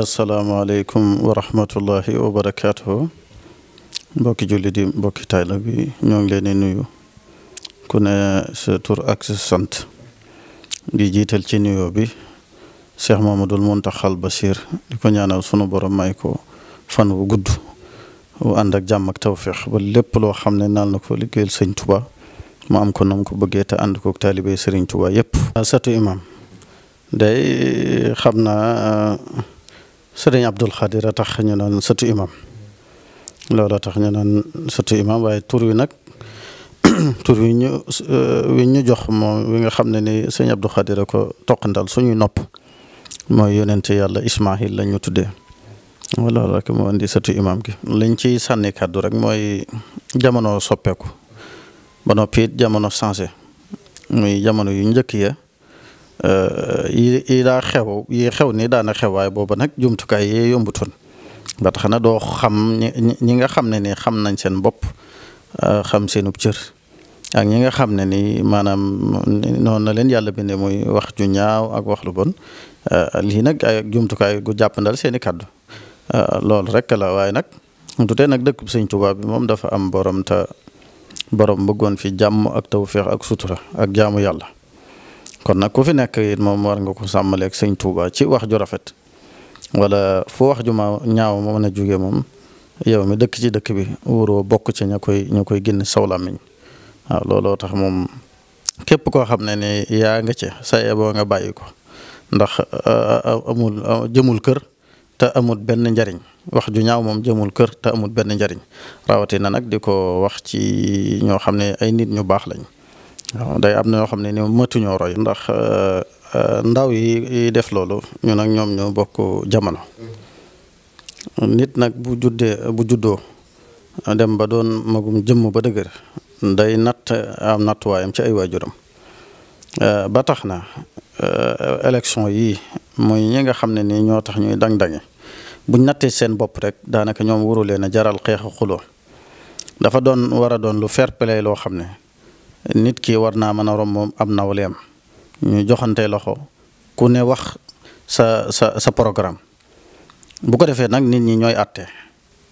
asalaamaaleykum wa rahmatullahi wa barakaatuhu mbokki jullit yi mbokki tayla bi ñoo ngi leen di nuyu ku ne sa tur ak sa sant di jiital ci nuyoo bi Cheikh Mamadul Muntaxal Basiir di ko ñaanal sunu borom may ko fan wu gudd wu ànd ak jàmm ak ba lépp loo xam ne naal na ko liggéeyal sëñ Tuba mu am ko nam ko bëggee te ànd kook taalibe sëriñ Tuba yépp naa sëriñ Abdul Xadir a tax ñu naan sëtu imam looloo tax ñu naan sëtu imam waaye tur wi nag tur wi ñu euh, wi ñu jox moom wi nga xam ne ni sëriñ Abdul Xadir a ko toqantal suñuy nopp mooy yonente yàlla Ismaahil la ñu tuddee loolu rek moo indi sëtu imam gi lañ ciy sànni kàddu rek mooy jamono soppeeku ba noppi it jamono changé muy jamono yu njëkk ya yi yi daa xew yi xew ni daana xewaay booba nag jumtukaay yee yombutoon ba tax na doo xam ñi nga xam ne ni xam nañ seen bopp euh, xam seenub cër ak ñi nga xam ne ni maanaam noon na leen yàlla bindee muy wax ju ñaaw ak wax lu bon euh, lii nag ay jumtukaay gu jàppandal seeni kàddu euh, loolu rek la waaye nag dutee nag dëkk Sëñ Tuubaa bi moom dafa am borom te borom bëggoon fi jàmm ak tew tawféex ak sutura ak jaamu yàlla kon nag ko fi nekk it moom war nga ko sàmmaleeg sëñ Touba ci wax ju rafet walla foo wax ju ma ñaaw ma mën a jóge moom yow mi dëkk ci dëkk bi wuroo bokk ci ña koy ña koy génn saw làmmiñ waaw looloo tax moom képp koo xam ne ni yaa nga ci sa yeboo nga bàyyi ko ndax amul jëmul kër te amul benn njariñ wax ju ñaaw moom jëmul kër te amul benn njariñ rawatina nag di ko wax ci ñoo xam ne ay nit ñu baax lañ waaw day am na yoo xam ne ni matuñoo roy ndax euh, euh, ndaw yi def loolu ñu nag ñoom ñoo bokk jamono nit nag bu juddee bu juddoo dem ba doon magum jëmm ba dëgër day natt am nattuwaayam ci ay waajuram euh, ba tax na élection yi mooy ñi nga xam ne ni ñoo tax ñuy dang-dangi buñ nattee seen bopp rek daanaka ñoom waru leen a jaral xeex a xuloo dafa doon war a doon lu fair play loo xam ne nit ki war naa mën a romb am nawleem ñu joxante loxo ku ne wax sa sa sa programme bu ko defee nag nit ñi ñooy àtte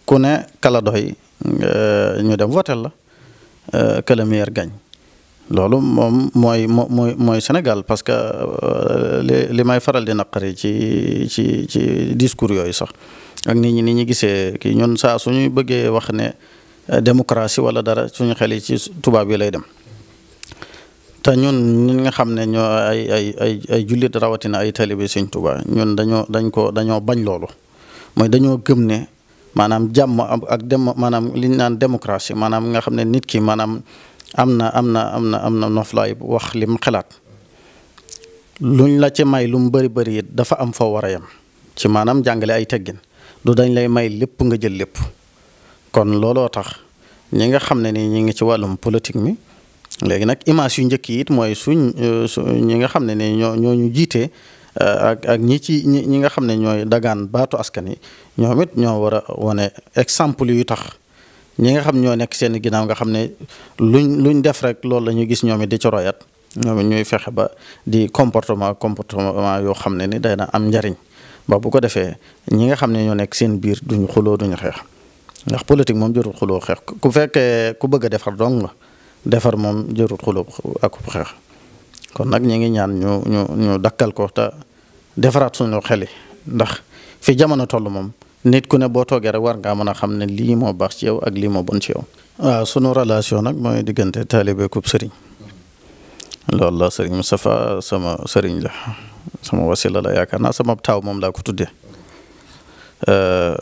ku ne kala doy euh, ñu dem votel la euh, que le meilleur loolu moom mooy mooy mooy Sénégal parce que euh, li li may faral di naqari ci ci ci discours yooyu sax ak nit ñi ni ñu gisee kii ñun saa suñu bëggee wax ne démocratie wala dara suñu xel yi ci tubaab yi lay dem. te ñun ñi nga xam ne ñoo ay ay ay ay jullit rawatina ay talibé Sëñ Tuubaa ñun dañoo dañ ko dañoo bañ loolu mooy dañoo gëm ne maanaam jàmm ak dem maanaam li naan démocratie maanaam nga xam ne nit ki maanaam am na am na am na am na noflaay wax lim xalaat luñ la ci may lu mu bëri bëri it dafa am foo war a yem ci maanaam jàngale ay teggin du dañ lay may lépp nga jël lépp kon looloo tax ñi nga xam ne ni ñi ngi ci wàllum politique mi. léegi nag image yu njëkk yi it mooy euh, su ñi nga xam ne ne ñoo ñoo ñu jiite euh, ak ak ñi ci ñi nga xam ne ñooy dagaan baatu askan yi ñoom it ñoo war a wane exemple yu tax ñi nga xam ñoo nekk seen ginnaaw nga xam ne luñ luñ def rek loolu la ñu gis ñoom it di ci royat ñoom it ñuy fexe ba di comportement comportement yoo xam ne ni day na am njariñ ba bu ko defee ñi nga xam ne ñoo nekk seen biir duñu xuloo duñu xeex ndax politique moom jotul xuloo xeex ku fekkee ku bëgg a defar dong nga defar moom jërut xulub akub xeex kon nag ñu ngi ñaan ñu ñu ñu dakkal ko te defaraat suñu xeli ndax fi jamono toll moom nit ku ne boo toogee rek war ngaa mën a xam ne lii moo baax ci yow ak lii moo bon ci yow. relation nag mooy diggante taalibe kub sëriñ loolu la sëriñ Moustapha sama sëriñ la sama wasila la yaakaar naa sama taw moom laa ko tuddee. Euh,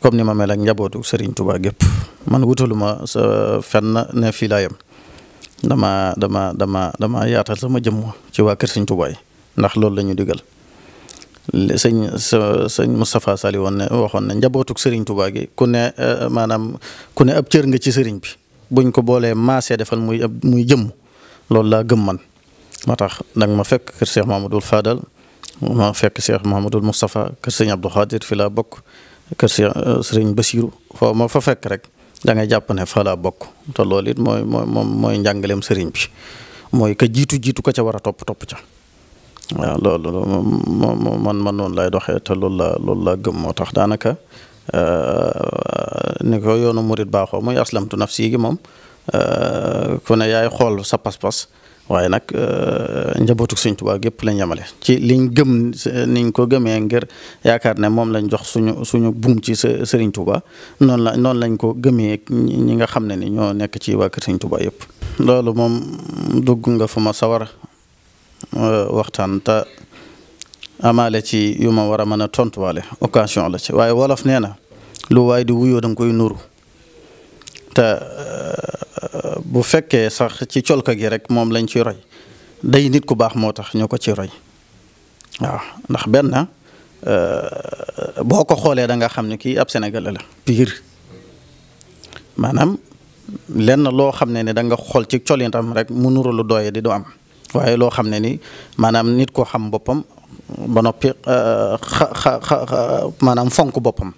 comme ni ma mel ak njabootu Serigne gépp man wutaluma sa fenn ne fii laa yem dama dama dama dama yaatal sama jëmm ci waa kër Serigne ndax loolu lañu ñu digal sëñ së sëñ Moustapha Sali woon ne waxoon ne njabootuk Serigne Touba gi ku ne euh, maanaam ku ne ab cër nga ci Serigne bi buñ ko boolee maasee defal muy muy jëmm loolu laa gëm man moo tax danga ma fekk kër Cheikh Mamadou Fadal ma fekk Cheikh Mouhamadul Moustapha kër sëñ Abdou Khadir fi laa bokk kër sëñ euh, Basiru foo ma fa fekk rek da ngay jàpp ne fa bokk te loolu it mooy mooy moom mooy njàngaleem sëriñ bi mooy ka jiitu jiitu ko ca war a topp topp ca waaw loolu moom man man noonu lay doxee te loolu la loolu laa gëm moo tax daanaka euh, ni ko yoonu murit baaxoo muy aslamtu nafsi gi moom euh, ku ne yaay xool sa pas-pas. waaye nag euh, njabootu Sëñ Tuubaa gépp lañ yemale ci liñ gëm niñ ko gëmee ngir yaakaar ne moom lañ jox suñu suñu buum ci Sëriñ Tuubaa noonu la noonu lañ ko gëmee ñi nga xam ne ni ñoo nekk ci waa kër Sëñ Tuubaa yëpp. loolu moom dugg nga fu ma sawar euh, waxtaan te amaale ci yu ma war a mën a tontuwaale occasion la ci waaye wolof nee na lu waay di wuyoo da koy nuru te bu fekkee sax ci colka gi rek moom lañ ci roy day nit ku baax moo tax ñu ko ci roy waaw ndax benn euh, boo ko xoolee da nga xam ne kii ab sénégale la piir maanaam lenn loo xam ne ni danga nga xool ci colintam rek mu nuru lu dooye di du am waaye loo xam ne ni maanaam nit koo xam boppam ba noppi euh, xa maanaam fonk boppam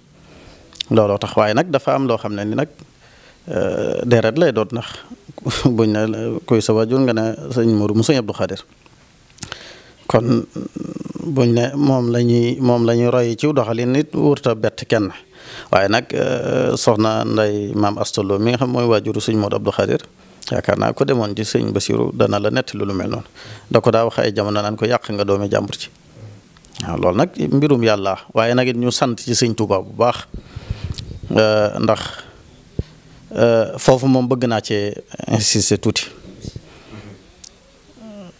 looloo tax waaye nag dafa am loo xam ne ni nag Euh, deret lay doot ndax buñ ne kuy sa waajur nga ne sëñ Mourou mu sëñ Abdou Khadir kon buñ ne moom la ñuy moom lañuy ñuy roy ci doxalin nit wurta bett kenn waaye nag euh, soxna nday maam astolo mi nga xam mooy waajuru sëñ Mourou Abdou Khadir yaakaar naa ko demoon ci sëñ Basiru dana la nett lu lu mel noonu da ko daa wax jamono naan ko yàq nga doomi jàmbur ci waaw loolu nag mbirum yàlla waaye nag it ñu sant ci sëñ Tuubaa bu baax euh, ndax Euh, foofu moom bëgg naa cee insister tuuti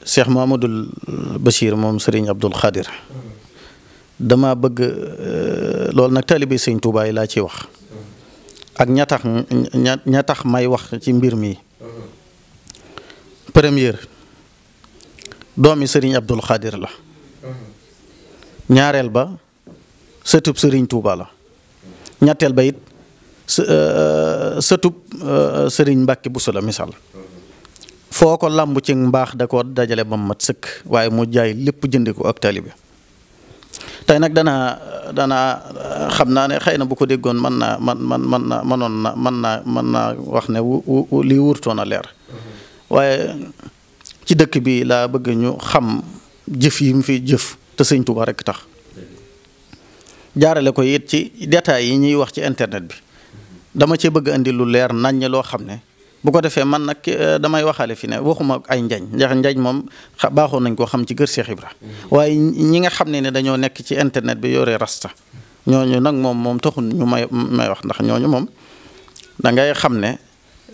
Cheikh Mahamadul Bachir moom Serigne Abdul Khadir dama bëgg euh, loolu nag taalibe Sëñ Tuubaa yi laa ciy wax ak ña tax ña tax may wax ci mbir mi première doomi Serigne Abdul Khadir la ñaareel ba sëtub Serigne Touba la ñetteel ba it Eh, eh, sëtub sëriñ Mbàkke bu la misaal foo ko làmb ci mbaax da ko dajale ba mat sëkk waaye mu jaay lépp jënd ko ak taalibe tey nag dana dana eh, xam naa ne xëy na bu ko déggoon man naa man man man na mënoon na mën naa mën naa wax ne wu lii wurtoon a leer waaye ci dëkk bi laa bëgg ñu xam jëf yi mu fi jëf te sëñ Tuubaa rekk tax jaarale ko it ci détails yi ñuy wax ci internet bi dama cee bëgg indi lu leer nañ loo xam ne bu ko defee man nag eh, damay waxaale fi ne waxuma ay njañ ndax njañ moom baaxoon nañ koo xam ci kër Cheikh Ibra mm-hmm. waaye ñi nga xam ne ne dañoo nekk ci internet bi yoree rasta ñooñu nag moom moom taxul ñu may wax ndax ñooñu moom da xam ne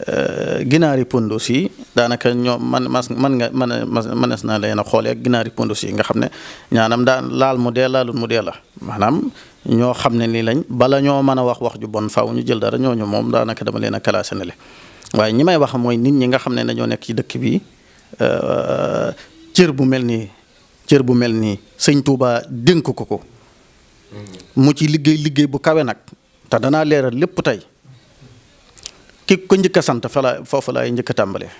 eh, ginaari pondos yi daanaka ñoom man mas man nga man mënees na leen a xoolee ak ginaari pondos yi nga xam ne ñaanam daan laal mu dee laalul mu dee la maanaam ñoo xam ne nii lañ bala ñoo mën a wax wax ju bon faw ñu jël dara ñooñu moom daanaka dama leen a classé ne le waaye ñi may wax mooy nit ñi nga xam ne nañoo nekk ci dëkk bi euh, cër bu mel nii cër bu mel nii sëñ Touba dénk ko ko mu ci liggéey liggéey bu kawe nag te danaa leeral lépp tey ki ko njëkk a sant fa la foofu laay njëkk a tàmbalee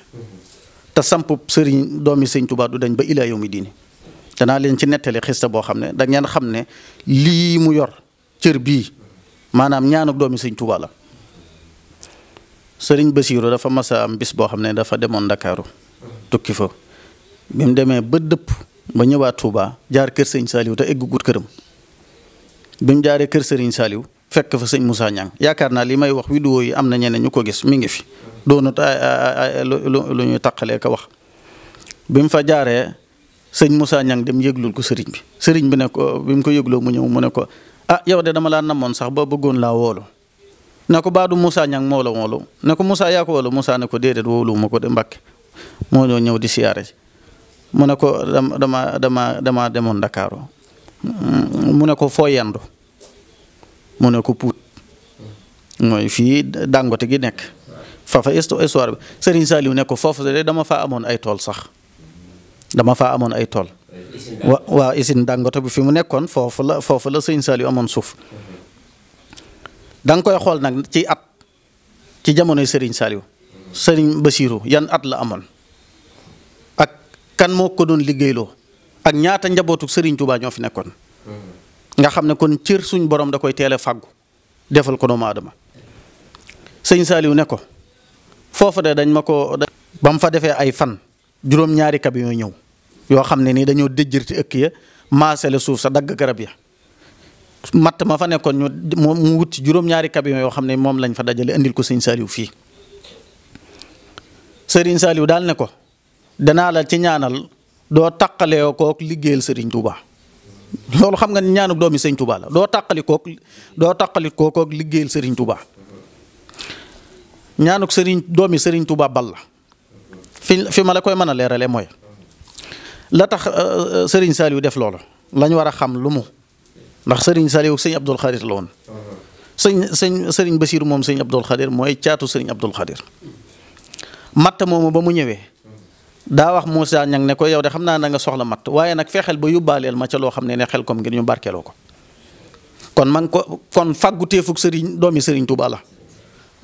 te samp sëriñ doomi sëñ Touba du dañ ba ilaa yow diini danaa leen ci nettali xista boo xam ne da ngeen xam ne lii mu yor cër bii maanaam ñaanu doomi sëñ Tuubaa la sëriñ Basiiru dafa masa am bis boo xam ne dafa demoon ndakaaru tukki fa bi mu demee ba dëpp ba ñëwaat Touba jaar kër sëñ Saaliw te eggugut këram bi mu jaaree kër sëriñ Saaliw fekk fa sëñ Moussa Niang yaakaar naa li may wax vidéo yi am na ñeneen ñu ko gis mu ngi fi doonut lu ñuy taqalee ko wax bi mu fa jaaree sëñ Moussa Niang dem yëglul ko sëriñ bi sëriñ bi ne ko bi mu ko yëgloo mu ñëw mu ne ko ah yow de dama laa namoon sax ba bëggoon laa woolu ne ko baadu musa Niang moo la woolu ne ko Moussa yaa ko woolu Moussa ne ko déedéet woolu ma ko de Mbàkke moo ñoo ñëw di siyaare mu ne ko dama dama dama demoon Ndakaaru mu ne ko foo yandu mu ne ko puut mooy fii Dangote gi nekk fafa histoire bi Serigne Saliou ne ko foofu de dama faa amoon ay tool sax dama faa amoon ay tool wa waaw usine Dangote bi fi mu nekkoon foofu la foofu la sëñ Saliou amoon suuf da nga koy xool nag ci at ci jamonoy Serigne Saliou Serigne Bassirou yan at la amoon ak kan moo ko doon liggéeyloo ak ñaata njabootu Serigne Touba ñoo fi nekkoon nga xam ne kon cër suñ borom da koy teel a fàggu defal ko doomu aadama sëñ Saliou ne ko foofu de dañ ma ko ba mu fa defee ay fan juróom-ñaari kab yoo ñëw yoo xam ne nii dañoo déjjërti ëkk ya la suuf sa dagg garab ya matt ma fa nekkoon ñu moom mu wut juróom-ñaari camion yoo xam ne moom lañ fa dajale indil ko sëñ Saliou fii sëriñ Saliou daal ne ko danaa la ci ñaanal doo taqaleekoo kook liggéeyal sëriñ Touba loolu xam nga ni ñaanuk doomi la doo taqali doo taqali kook liggéeyal sëriñ Touba ñaanuk sëriñ doomi sëriñ Touba bal la fi fi ma la koy mën a leerale mooy. la tax euh, euh, Serigne Saliou def loola la war a xam lu mu ndax Serigne Saliou sëñ Abdul Xadir la woon. sëñ sëriñ Serigne Bachir moom sëñ Abdul Xadir mooy caatu sëriñ Abdul Xadir matt moomu ba mu ñëwee. daa wax Moussa ñang ne ko yow de xam naa na nga soxla matt waaye nag fexeel ba yóbbaaleel ma ca loo xam ne ne xel kom ngir ñu barkeeloo ko. kon man ko kon fàggu teefug sëriñ doomi sëriñ Touba la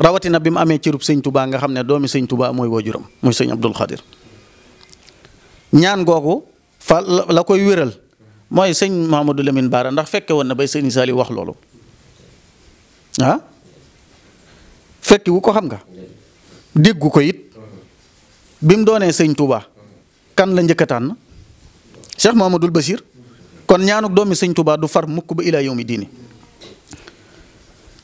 rawatina bi mu amee cërub sëñ Touba nga xam ne doomi sëñ Touba mooy waajuram muy sëñ Abdul Xadir ñaan googu fa la koy wéral mooy sëñ Mouhamadou Lamine Baara ndax fekke woon na bay sëñ Saliou wax loolu ah fekki ko xam nga déggu ko it bi mu doonee sëñ Touba kan la njëkk a tànn Cheikh Mouhamadul Bachir kon ñaanuk doomi sëñ Touba du far mukk ba ilaa yawmi diini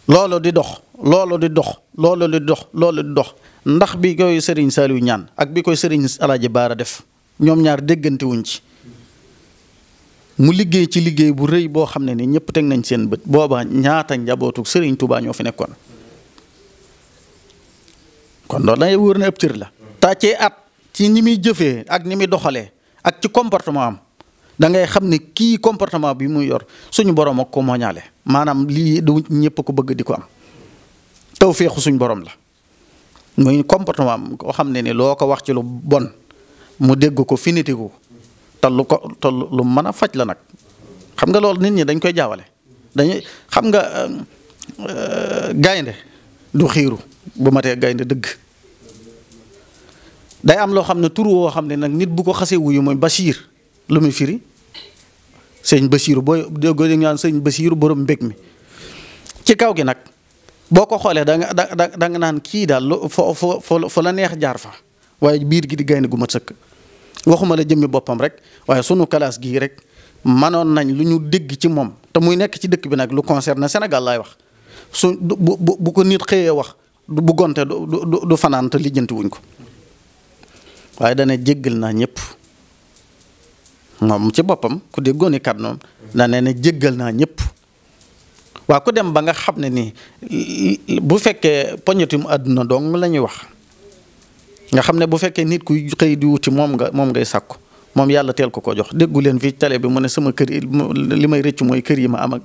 loolu di dox loolu di dox loolu di dox loolu di dox ndax bi koy sëriñ Saliou ñaan ak bi koy sëriñ Alaaji Baara def ñoom ñaar déggante wuñ ci mu liggéey ci liggéey bu rëy boo xam ne ni ñëpp teg nañ seen bët booba ñaata njabootu sëriñ Touba ñoo fi nekkoon kon loolu da wër wóor ne ab cër la. tàccee at ci ni muy jëfee ak ni muy doxalee ak ci comportement am dangay xam ne kii comportement bi muy yor suñu borom ak ko maanaam lii du ñëpp ko bëgg di ko am tawféexu suñu borom la muy comportement am koo xam ne ni loo ko wax ci lu bon. mu dégg ko finiti ko te lu ko te lu mën a faj la nag xam nga loolu nit ñi dañ koy jaawale dañuy xam nga euh, gaynde du xiiru bu matee gaynde dëgg day am loo xam ne tur woo xam ne nag nit bu ko xasee wuyu mooy Bachir lu muy firi sëñ Bachir booy déggoo ñu naan sëñ Bachir borom mbég mi ci kaw gi nag boo ko xoolee da nga naan kii daal lu fo fo fo la neex jaar fa. waaye biir gi di gaynde gu mat sëkk waxuma la jëmmi boppam rek waaye sunu kalaas gii rek manoon nañ lu ñu dégg ci moom te muy nekk ci dëkk bi nag lu concerne senegal laay wax su bu bu ko nit xëyee wax bu gonte du du du fanaan te lijjanti ko waaye dana jëggal naa ñépp moom ci boppam ku déggoon i kat noonu dana ne jéggal naa ñëpp waa ku dem ba nga xam ne nii bu fekkee poñetum àdduna doom la ñuy wax. nga xam ne bu fekkee nit kuy xëy di wuti moom nga moom ngay sàkku moom yàlla teel ko ko jox déggu leen fii télé bi mu ne sama kër li may rëcc mooy kër yi ma am ak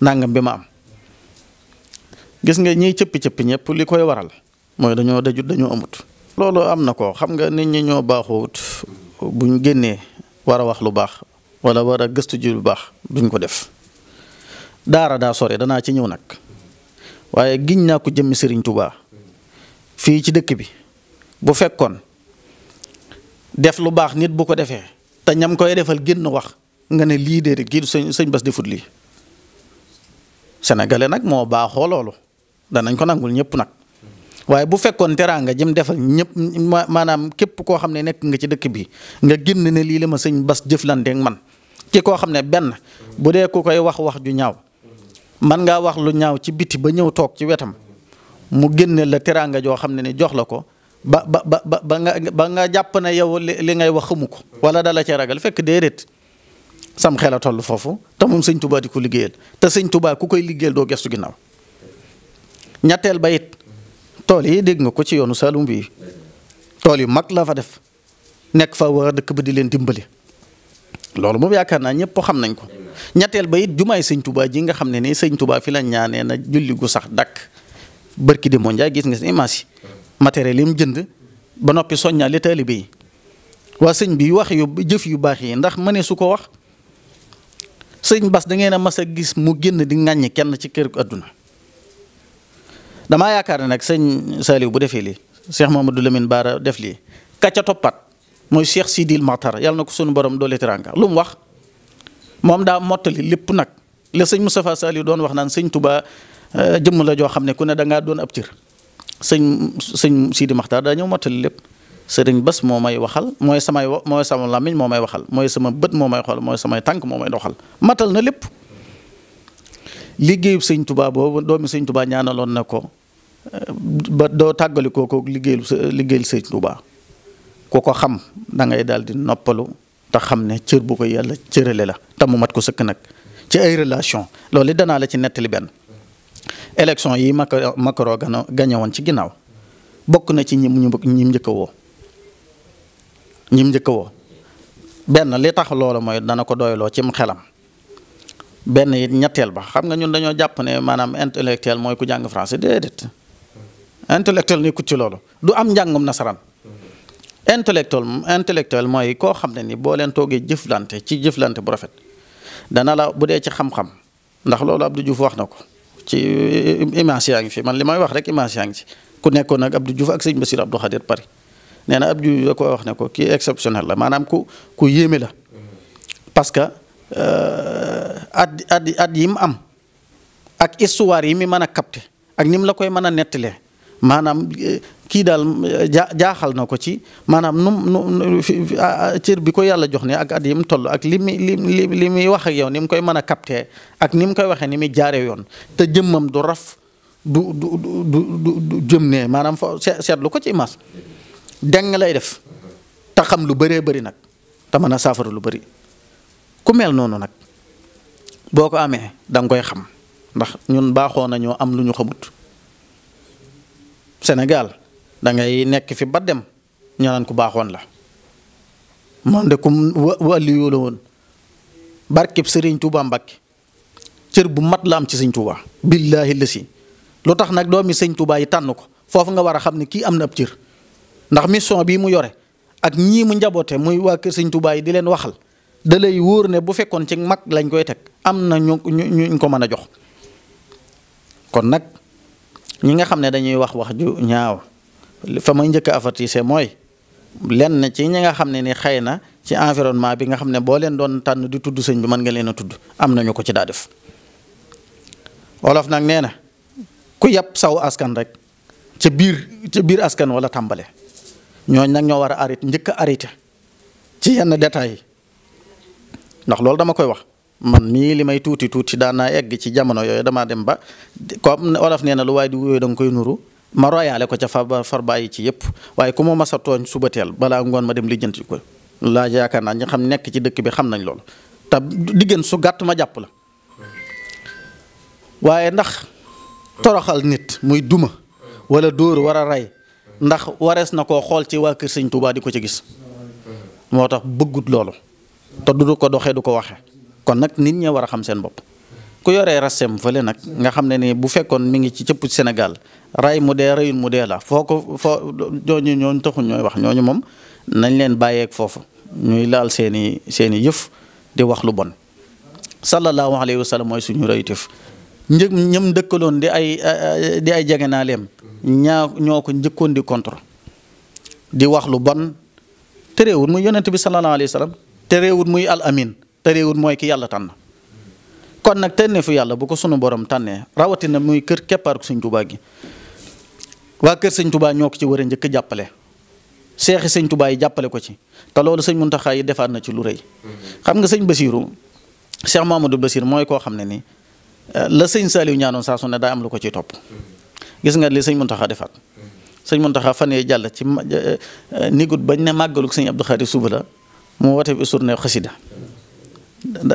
nàngam bi ma am. gis nga ñiy cëpp cëpp ñëpp li koy waral mooy dañoo dajut dañoo amut. looloo am na ko xam nga nit ñi ñoo baaxoowut buñ génnee war a wax lu baax wala war a gëstu ji lu baax duñ ko def daara daa sore danaa ci ñëw nag waaye giñ naa ko jëmmi sëriñ tubaa fii ci dëkk bi. bu fekkoon def lu baax nit bu ko defee te ñam koy defal génn wax nga ne lii déedéet kii sëñ sëñ Bass defut lii sénégalais nag moo baaxoo loolu danañ ko nangul ñëpp nag waaye bu fekkoon teraanga jëm defal ñëpp maanaam képp koo xam ne nekk nga ci dëkk bi nga génn ne lii la ma sëñ Bass jëflanteeg man ki koo xam ne benn bu dee ku koy wax wax ju ñaaw man ngaa wax lu ñaaw ci biti ba ñëw toog ci wetam mu génne la teraanga joo xam ne ne jox la ko ba ba ba ba nga ba nga jàpp ne yow li ngay wax xamu ko wala dala ci ragal fekk déedéet sam xel toll foofu te moom sëñ tubaa di ko liggéeyal te sëñ tubaa ku koy liggéeyal doo gestu ginnaaw ñetteel ba tool yi dégg nga ko ci yoonu Saalum bi tool yu mag la fa def nekk fa war dëkk ba di leen dimbali loolu moom yaakaar naa ñëpp xam nañ ko ñetteel ba it jumaay sëñ tubaa ji nga xam ne nii sëñ tubaa fi la ñaanee na julli gu sax dakk bërki di moo njaay gis nga image yi matériel yi mu jënd ba noppi soññaale taalibe yi waa sëñ bi wax yu jëf yu baax yi ndax ma ne su ko wax sëñ Bas da ngeen a gis mu génn di ŋàññi kenn ci kër àdduna dama yaakaar ne nag sëñ Saliou bu defee lii Cheikh Mamadou Lamine Bara def lii kàcca toppat mooy Cheikh Sidil Makhtar yàlla na ko sunu borom doole teraanga lu mu wax moom daa mottali lépp nag la sëñ Moustapha Saliou doon wax naan sëñ Touba euh, jëmm la joo xam ne ku ne da ngaa doon ab cër. sëñ sëñ Sidi Maxtaar daa ñëw mottali lépp sëriñ bés moo may waxal mooy samay mooy sama làmmiñ moo may waxal mooy sama bët moo may xool mooy samay tànk moo may doxal matal na lépp liggéeyub sëñ tubaa boobu doomi sëñ tubaa ñaanaloon na ko eh, ba doo tàggali kooku liggéeyul liggéeyul sëñ tubaa ku ko xam da ngay daal di noppalu te xam ne cër bu ko yàlla cërale la te mu mat ko sëkk nag ci ay relation loolu danaa la ci nettali benn élection yi Macron Macron gañe woon ci ginnaaw bokk na ci ñim ñu ñim njëkk woo ñim njëkk woo benn li tax loolu mooy dana ko ci mu xelam benn it ñetteel ba xam nga ñun dañoo jàpp ne maanaam intellectuel mooy ku jàng français déedéet intellectuel ni ku ci loolu du am njàngum nasaraan intellectuel intellectuel mooy koo xam ne ni boo leen toogee jëflante ci jëflante bu rafet dana la bu dee ci xam-xam ndax loolu du Diouf wax na ko ci image yaa ngi fi man li may wax rek image yaa ngi ci ku nekkoon ak Abdou Diouf ak sëñ Bassirou Abdou Khadir Paris nee na Abdou Diouf ko wax ne ko kii exceptionnel la maanaam ku ku yéeme la parce que euh, at at am ak histoire yi mi mën a capté ak ni mu la koy mën a nettalee maanaam eh, kii daal eh, jaaxal na ko ci maanaam nu nu cër bi ko yàlla jox ne ak at toll ak li muy li li muy wax ak yow mu koy mën a capter ak ni mu koy waxee ni muy jaaree yoon te jëmmam du raf du du du du jëm maanaam seetlu ko ci mas deng lay def te xam lu bëree bëri nag te mën a saafara lu bëri ku noonu nag boo ko amee da nga koy xam ndax ñun baaxoo nañoo am lu ñu xamut. senegal dangay nekk fi ba dem ñu ku baaxoon la moom de kum wàllu yoo la woon barkeb sëriñ Touba mbakki cër bu mat la am ci sëñ Touba. billaahi la si lu tax nag doomi sëñ Touba yi tànn ko foofu nga war a xam ne kii am na ab cër ndax mission bii mu yore ak ñii mu njaboote muy waa kër sëñ Touba yi di leen waxal da lay wóor ne bu fekkoon ci mag lañ koy teg am na ñu ñu ñu ko mën a jox kon nag. ñi nga xam ne dañuy wax wax ju ñaaw fa may njëkk a avertise mooy lenn ci ñi nga xam ne ni xëy na ci environnement bi nga xam ne boo leen doon tànn di tudd sëñ bi mën nga leen a tudd am nañu ko ci daa def wolof nag nee na ku yàpp saw askan rek ca biir ca biir askan wala tàmbale ñooñ nag ñoo war a arrêté njëkk a ci yenn détails yi ndax loolu dama koy wax man mii li may tuuti tuuti daan naa egg ci jamono yooyu damaa dem ba comme olof nee na lu waaye di yooyu da koy nuru ma royaale ko ca fa far bàyyi ci yëpp waaye ku ma mas a tooñ suba teel balaa ngoon ma dem lijjanti ko laa yaakaar naa ñi xam nekk ci dëkk bi xam nañ loolu te diggante su gàtt ma jàpp la waaye ndax toroxal nit muy duma wala dóor war a rey ndax warees na koo xool ci waa kër sëñ Tuubaa di ko ci gis moo tax bëggut loolu te du ko doxee du ko waxee kon nag nit ñi war a xam seen bopp ku yoree rasem fële nag nga xam ne ni bu fekkoon mu ngi ci cëpp Sénégal ray mu dee rayul mu dee la foo ko foo ñooñu ñooñu taxul ñooy wax ñooñu moom nañ leen bàyyeek foofu ñuy laal seeni i seen yëf di wax lu bon sallallahu alayhi wa sallam mooy suñu royteef një ñëm dëkkaloon di ay di ay jegenaaleem ñaa ñoo ko njëkkoon di contre di wax lu bon terewul muy yonent bi sallallahu alayhi wa sallam terewul muy al amin tëréewul mooy ki yàlla tànn kon nag tànneefu yàlla bu ko sunu boroom tànnee rawatina muy kër keppaaruk sëñ tubaa gi waa kër sëñ tubaa ñoo ko ci war a njëkk jàppale seexi sëñ tubaa yi jàppale ko ci te loolu sëñ muntaxaa yi defaat na ci lu rëy xam nga sëñ basiiru cheikh du basir mooy koo xam ne ni eh, la sëñ saaliw ñaanoon saa su ne daa am lu ko ciy topp gis nga li sañ muntaxaa defaat sëñ muntaxaa fan yee jàll ci eh, eh, nigut bañ ne màggaluk sañ abdou suba la mu woote bi surne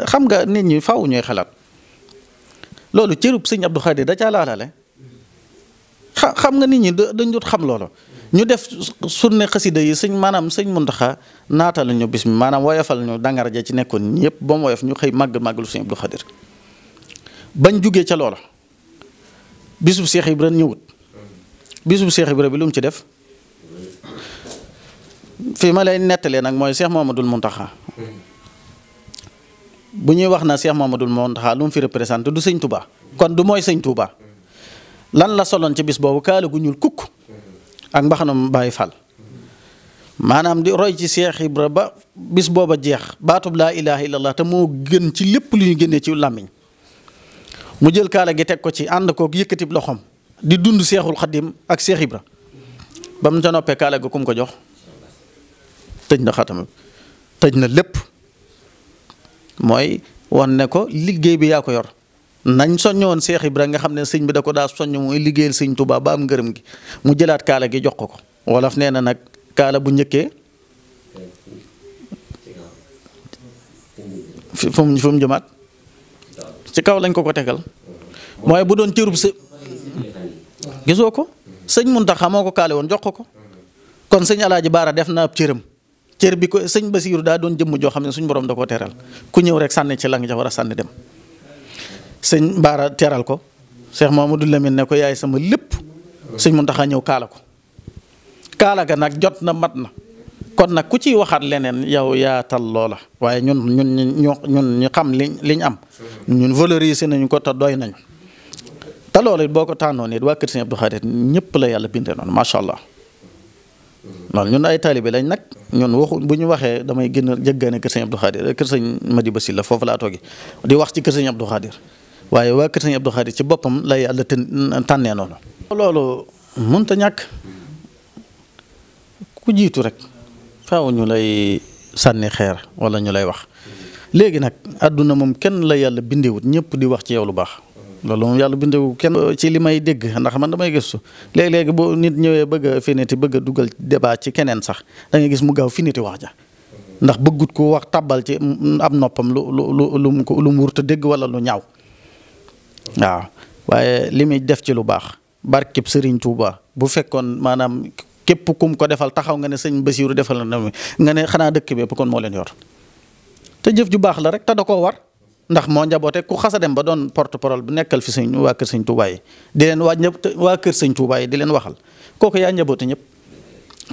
xam nga nit ñi faw ñuy xalaat loolu cërub sëñ Abdou Khadir da caa laalale xa xam nga nit ñi dañ dut xam loolo ñu def sunne xasida yi sëñ maanaam sëñ Muntaxa naatal ñu bis mi maanaam woyofal ñu dangar ja ci nekkoon ñëpp ba mu woyof ñu xëy màgg màggalu sëñ Abdou Khadir bañ jugee ca loola bisub Seex yi Ibra ñëwut bisub Seex Ibra bi lu mu ci def fi ma lay nettalee nag mooy Seex Mamadul Muntaxa bu ñuy wax na Cheikh Mamadou Mountakha lu mu fi représenté du sëñ tubaa kon du mooy sëñ Touba lan la soloon ci bis boobu kaala gu ñuul kukk ak mu Baye Fall maanaam di roy ci Cheikh Ibra ba bis booba jeex baatub laa ilaha illallah te moo gën ci lépp lu ñu génnee ci làmmiñ mu jël kaala gi teg ko ci ànd koog yëkkatib loxoom di dund Seexul Xadim ak Cheikh ra ba mu ca noppee kaala gi kum ko jox tëj na xatam tëj na lépp. mooy wan ne ko liggéey bi yaa ko yor nañ woon Seex Ibra nga xam ne sëñ bi da ko daa soññ mooy liggéeyal sëñ Tuubaa ba am ngërëm gi mu jëlaat kaala gi jox ko ko wolof nee na nag kaala bu njëkkee fu mu jëmaat ci kaw lañ ko ko tegal mooy bu doon cërub sa gisoo ko sëñ Muntaxa moo ko kaale woon jox ko kon sëñ Alaaji Baara def na ab cër bi ko sëñ Basiiru daa doon jëmm joo xam ne suñ borom da koo teral ku ñëw rek sànni ci la nga ca war a sànni dem sëñ Baara teral ko Cheikh Mamadou Lamine ne ko yaay sama lépp sëñ Muntaxa ñëw kaala ko kaala ka nag jot na mat na kon nag ku ciy waxaat leneen yow yaatal loola waaye ñun ñun ñu ñun ñu xam liñ liñ am ñun valoriser nañu ko te doy nañu te loolu it boo ko tànnoon it waa kër sëñ Abdou Khadir ñëpp la yàlla bindee noonu macha allah. waaw ñun ay taalibe lañ nag ñun waxu bu ñu waxee damay génn jëggaane kër sëñ Abdou Khadir kër sëñ Madiba Sylla foofu laa toogee di wax ci kër sëñ Abdou waaye waa kër sëñ Abdou ci boppam la yàlla tànnee noonu. loolu mënta ñàkk ku jiitu rek faaw ñu lay sànni xeer wala ñu lay wax léegi nag àdduna moom kenn la yàlla bindewut ñëpp di wax ci yow lu baax. loolu moom yàlla bindewu kenn ci li may dégg ndax man damay gëstu léeg boo nit ñëwee bëgg a finiti bëgg a dugal débat ci keneen sax da gis mu gaaw finiti wax ja ndax bëggut ko wax tabbal ci am noppam lu lu lu lu lu mu wurta dégg wala lu ñaaw waaw waaye li muy def ci lu baax barkeb Sëriñ Tuuba bu fekkoon maanaam képp kum ko defal taxaw nga ne sëñ Basiiru defal na naw nga ne xanaa dëkk bépp kon moo leen yor te jëf ju baax la rek te da koo war. ndax moo njaboote ku xasa dem ba doon porte parole bu nekkal fi sëñ waa kër sëñ Tuubaa yi di leen waa ñëpp waa kër sëñ Tuubaa leen waxal kooku yaa njaboote ñëpp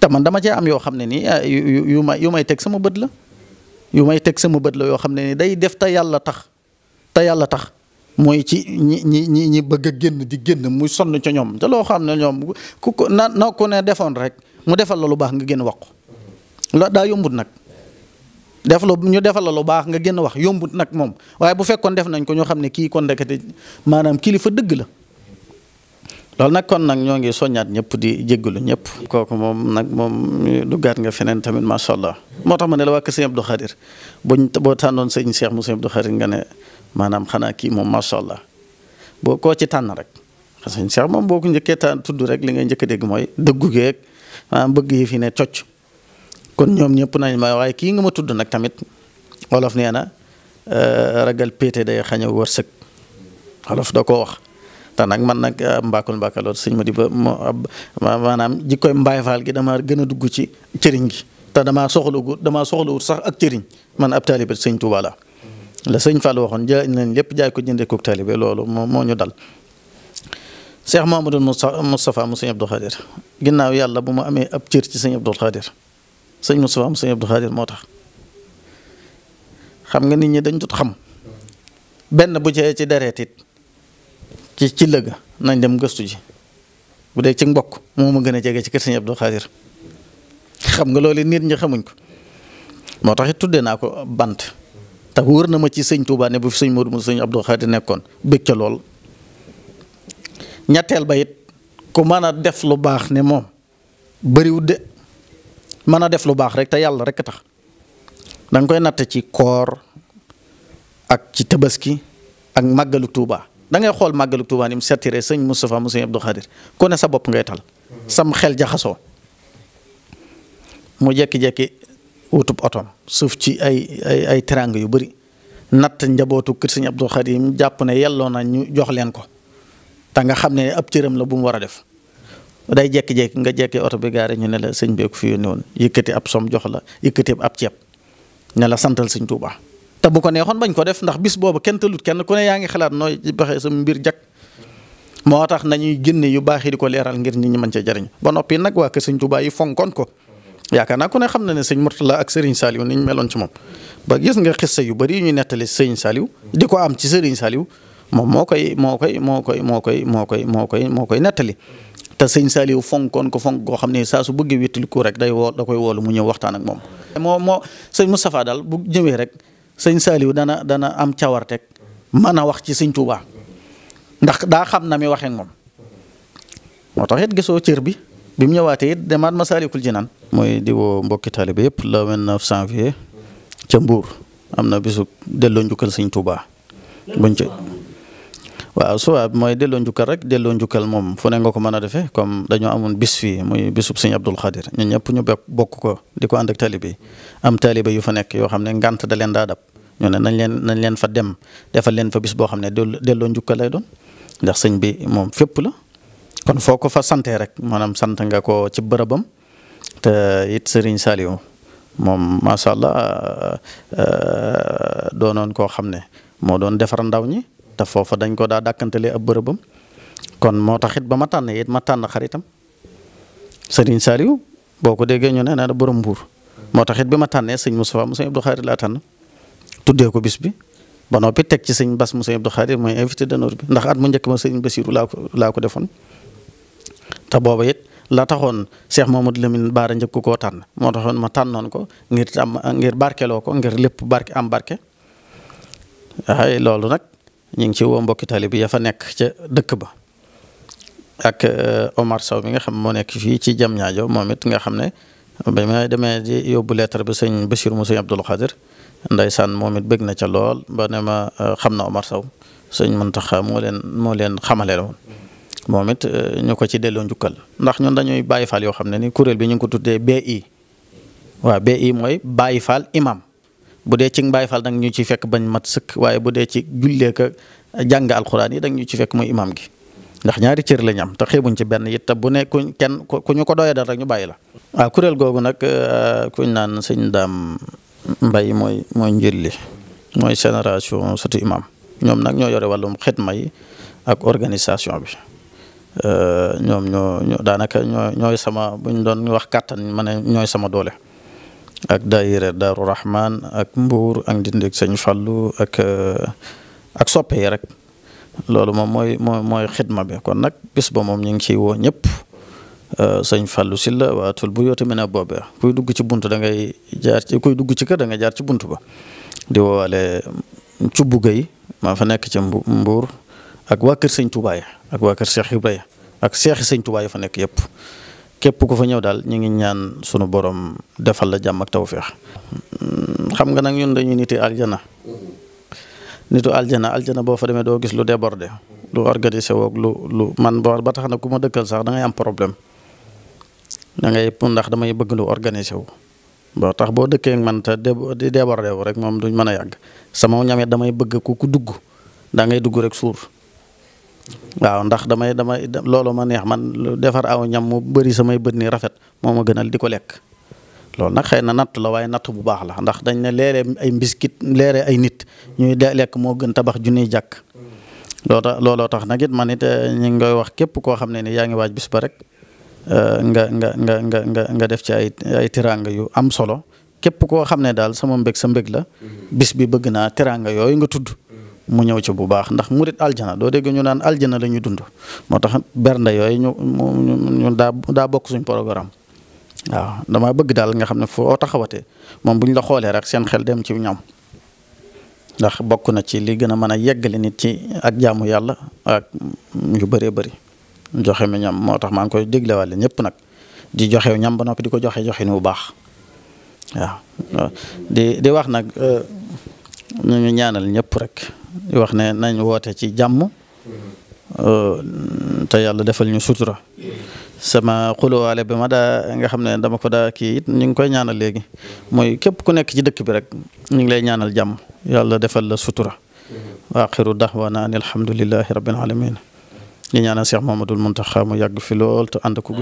te man dama cee am yoo xam ne nii ah, yu may yu may teg sama bët la yu may teg sama bët la yoo xam ne nii day def te yàlla tax te yàlla tax mooy ci ñi ñi ñi ñi bëgg a génn di génn muy sonn ca ñoom te loo xam ne ñoom ku na na ku ne defoon rek mu defal la lu baax nga génn wax ko daa yombut nag. def lu ñu defal la lu baax nga génn wax yombut nag moom waaye bu fekkoon def nañ ko ñoo xam ne kii kon ndekete maanaam kilifa dëgg la loolu nag kon nag ñoo ngi soññaat ñëpp di jéggalu ñëpp. kooku moom nag moom duggaat nga feneen tamit macha allah moo tax ma ne la waa kër sëñ Abdou Khadir boo tànnoon sëñ Cheikh mu sëñ Abdou Khadir nga ne maanaam xanaa kii moom macha allah boo ko ci tànn rek sëñ Cheikh moom boo ko njëkkee tànn tudd rek li ngay njëkk a dégg mooy dëggu geeg maanaam bëgg yi fi ne cocc. kon ñoom ñëpp nañ ma waaye kii nga ma tudd nag tamit wolof nee na euh, ragal péete day xañu wërsëg wolof doo ko wax te nag man nag euh, mbàkkul mbàkkaloon sëñ ma di ba maanaam jikkoy mbaay faal gi dama gën a dugg ci cëriñ gi te damaa soxlagu damaa soxlawut sax ak cëriñ man ab taalibe sëñ Tuubaa sëñ Fall waxoon jaay nañ lépp jaay ko jëndee koog taalibe loolu moo moo ñu dal Cheikh Mamadou Moustapha mu sëñ Abdou ginnaaw yàlla bu ma amee ab cër ci sëñ Abdou Khadir sëñ Moustapha am sëñ Abdou Khadir moo tax xam nga nit ñi dañ dut xam benn bu jee ci dereet it ci ci lëga nañ dem gëstu ji bu dee ci mbokk moo ma gën a jege ci kër sëñ Abdou Khadir xam nga loolu nit ñi xamuñ ko moo tax it tuddee naa ko bant te wër na ma ci sëñ Touba ne bu fi sëñ Modou Moussa sëñ Abdou Khadir nekkoon bëgg ca lool ñetteel ba it ku mën a def lu baax ne moom bëriwul de. mën a def lu baax rek te yàlla rek tax danga koy natt ci koor ak ci tabaski ak màggalu Touba dangay xool màggalu Touba ni mu sëñ Moustapha mu sëñ Abdou Khadir ku sa bopp ngay tal. sam xel jaxasoo mu jekki-jekki wutub otoom suuf ci ay ay ay yu bari natt njabootu kër sëñ Abdou Khadir jàpp ne yelloo na ñu jox leen ko te nga xam ne ab cëram la bu mu war a def. day jékki-jékki nga jékki oto bi gaare ñu ne la sëñ beeku fi yónni woon yëkkati ab som jox la yëkkati ab ceeb ne la santal sëñ Tuuba te bu ko neexoon bañ ko def ndax bis boobu kenn tëlut kenn ku ne yaa ngi xalaat nooy baxee sa mbir jak moo tax nañuy génne yu baax yi ko leeral ngir nit ñi mën cee jariñ ba noppi nag waa kër sëñ Tuuba yi fonkoon ko yaakaar naa ku ne xam na ne sëñ Murtala ak sëriñ Saliou ni meloon ci moom ba gis nga sa yu bari yu ñu nettali sëriñ Saliou di ko am ci sëriñ Saliou moom moo koy moo koy moo koy moo koy moo koy moo koy moo koy nettali te sëñ Saliou fonkoon ko fonk koo xam ne saa su bëggee wéttaliku rek day woo da koy woolu mu ñëw waxtaan moom. moo moo sëñ Moustapha daal bu ñëwee rek sëñ Saliou dana dana am cawarteeg mën a wax ci sëñ Touba ndax daa xam na mi waxee ak moom moo tax it gisoo cër bi bi mu ñëwaatee it demaat Masaalikul naan mooy di woo mbokki taalibe yëpp le 29 janvier ca Mbour am na bisu delloo njukkal sëñ Touba waaw suwaab mooy delloo njukkal rek delloo njukkal moom fu ne nga ko mën a defee comme dañoo amoon bis fii muy bisub sëñ Abdul Xadir ñun ñëpp ñu bokk ko di ko ànd ak talibe am talibe yu fa nekk yoo xam ne ngant da leen daa dab ñu ne nañ leen nañ leen fa dem defal leen fa bis boo xam ne delloo njukkal lay doon ndax sëñ bi moom fépp la kon foo ko fa santee rek maanaam sant nga ko ci bërëbam te it sëriñ Saliou moom macha allah euh, doonoon koo xam ne moo doon defar ndaw ñi. te foofa dañ ko daa dàkkantalee ab bërëbam kon moo tax it ba ma tànn it ma tànn xaritam sëriñ Saliou boo ko déggee ñu ne naa la borom mbuur moo tax it bi ma tànnee sëñ Moustapha mu sëñ Abdou Khadir laa tànn tuddee ko bis bi ba noppi teg ci sëñ bas mu sëñ Abdou Khadir mooy invité d'honneur bi ndax at mu njëkk ma sëñ Bassirou laa ko laa ko defoon te booba it la taxoon Cheikh Mamadou Lamine Baara njëkk ko tànn moo taxoon ma tànnoon ko ngir am ngir barkeloo ko ngir lépp barke am barke ñu ngi ci woo mbokki bi ya fa nekk ca dëkk ba ak eh, Omar Sow bi nga xam moo nekk fii ci jam ñaajo moom it nga xam ne ba may demee di yóbbu lettre bi sëñ Bachir mu sëñ Abdul Xadir ndeysaan moom it bëgg na ca lool ba ne ma eh, xam na Omar Sow sëñ Muntaxa moo leen moo leen xamale woon moom eh, ñu ko ci delloo njukkal ndax ñun dañuy Baay Faal yoo xam ne ni kuréel bi ñu ngi ko tuddee BI waaw BI mooy Baay imam bu dee ci Baay Faal nag ñu ci fekk bañ mat sëkk waaye bu dee ci jullee ka jàng alxuraan yi dang ñu ci fekk muy imaam gi ndax ñaari cër lañ am te xeebuñ ci benn it te bu ne kuñ kenn ku ñu ko doyee dal rek ñu bàyyi la. waaw ah, kuréel googu nag euh, kuñ naan sëñ daam mbay mooy mooy njëlli mooy génération surtout imaam ñoom nag ñoo yore wàllum xidma yi ak organisation bi euh, ñoom ñoo daanaka ñooy sama buñ doon ñu wax kàttan ma ne ñooy sama doole. ak daayira Daaru Rahman ak Mbuur ak Ndindig Sëñ Fallu ak eh, ak soppe yi rek loolu moom mooy mooy mooy xidma bi kon nag bis ba moom ñu ngi ciy woo ñëpp eh, Sëñ Fallu Silla waatul bu yoota mën a kuy dugg ci bunt da ngay jaar ci dugg ci kër da nga jaar ci bunt ba di woowaale cubbu gay maa fa nekk ci Mbuur ak waa kër Sëñ ak waa kër Cheikh ak Cheikh Sëñ Tuubaa fa nekk yëpp képp ku fa ñëw daal ñu ngi ñaan sunu borom defal la jàmm ak feex xam nga nag ñun dañuy niti aljana nitu aljana aljana boo fa demee doo gis lu débordé lu organisé woog lu lu man boo ba tax na ku ma dëkkal sax dangay am problème da ngay ndax damay bëgg lu organisé wu boo tax boo dëkkee man te di débordé wu rek moom duñ mën a yàgg sama ñamit damay bëgg ku ku dugg da ngay dugg rek suur waaw ndax damay damay looloo ma neex man defar aw ñam mu bari samay bët ni rafet moo ma gënal di ko lekk loolu nag xëy na natt la waaye natt bu baax la ndax dañ ne leere ay mbiskit leere ay nit ñuy lekk moo gën tabax junniy jàkk loo tax looloo tax nag it man it eh, ñu ngi koy wax képp koo xam ne ni yaa ngi waaj bis ba rek eh, nga nga nga nga nga nga def ci ay ay teraanga yu am solo képp koo xam ne daal sama mbég sa mbég la mm-hmm. bis bi bëgg naa teraanga yooyu nga tudd mu ñëw ci bu baax ndax murit aljana doo dégg ñu naan aljana la ñuy dund moo tax bernde yooyu ñu daa daa bokk suñ programme waaw dama bëgg daal nga xam ne foo taxawatee moom bu ñu la xoolee rek seen xel dem ci ñam ndax bokk na ci li gën a mën a yeggali nit ci ak jaamu yàlla ak yu bëree bëri joxe mi ñam moo tax maa ngi koy déglewaale ñëpp nag di joxe ñam ba noppi di ko joxe joxin bu baax waaw di di wax nag euh, ñu ñaanal ñëpp rek. wax ne nañ woote ci jàmm euh, te yàlla defal ñu sutura sama xuluwaale bi ma daa nga xam ne dama ko daa kii it ñu ngi koy ñaanal léegi mooy képp ku nekk ci dëkk bi rek ñu ngi lay ñaanal jàmm yàlla defal la sutura wa axiru dahwana an alhamdulillahi rabbil alamin ñu ñaanal Cheikh Mouhamadoul Mountakha mu yàgg fi lool te ànd ku